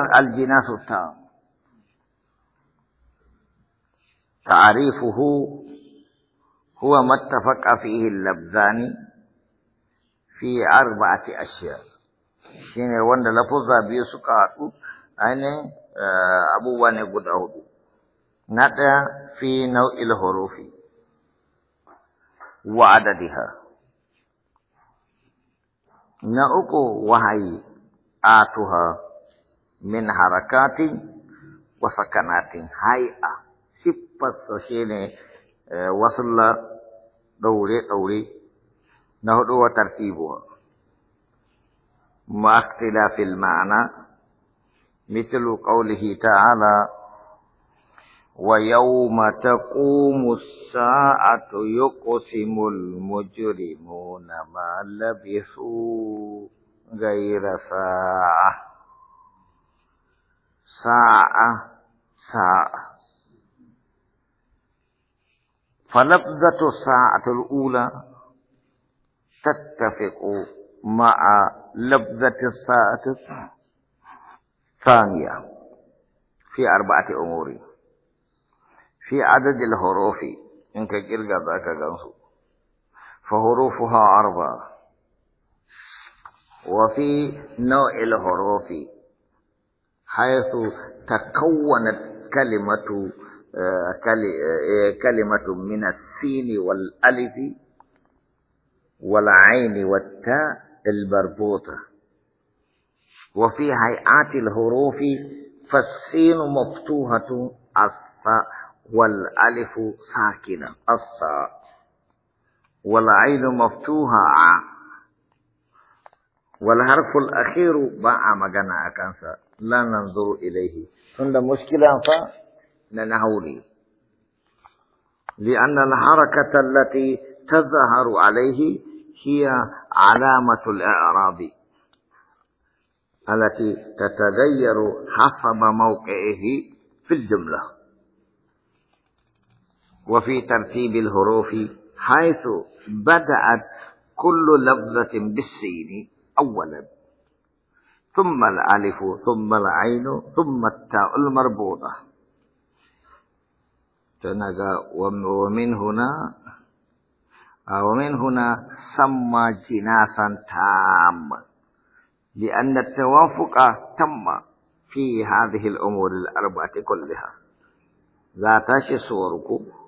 الجناس التام تعريفه هو ما اتفق فيه اللبذان في أربعة أشياء شين وند لفظا بيسوك أين آه، أبو واني قد عودو نتا في نوع الحروف وعددها نأكو وهي آتها من حركات وسكنات هيئة شبه سوشين آه، وصل دوري دوري نهضو وترتيبها ما اختلاف المعنى مثل قوله تعالى ويوم تقوم الساعة يقسم المجرمون ما لبثوا غير ساعه ساعة ساعة فلفظة الساعة الأولى تتفق مع لفظة الساعة الثانية في أربعة أمور في عدد الحروف إن كيرجع ذاك جنسو فحروفها أربعة وفي نوع الحروف حيث تكونت كلمة آه، آه، كلمة من السين والألف والعين والتاء المربوطة وفي هيئات الحروف فالسين مفتوحة الصاء والألف ساكنة الصاء والعين مفتوحة والحرف الأخير akhiru ba a لا ننظر إليه عند مشكلة ilaihi tunda لأن الحركة التي تظهر عليه هي علامة الإعراب التي تتغير حسب موقعه في الجملة وفي ترتيب الحروف حيث بدأت كل لفظة بالسين أولا ثم الألف ثم العين ثم التاء المربوطة ومن هنا آه، ومن هنا سمى جناسا تاما لأن التوافق تم في هذه الأمور الأربعة كلها ذاتا شي صوركم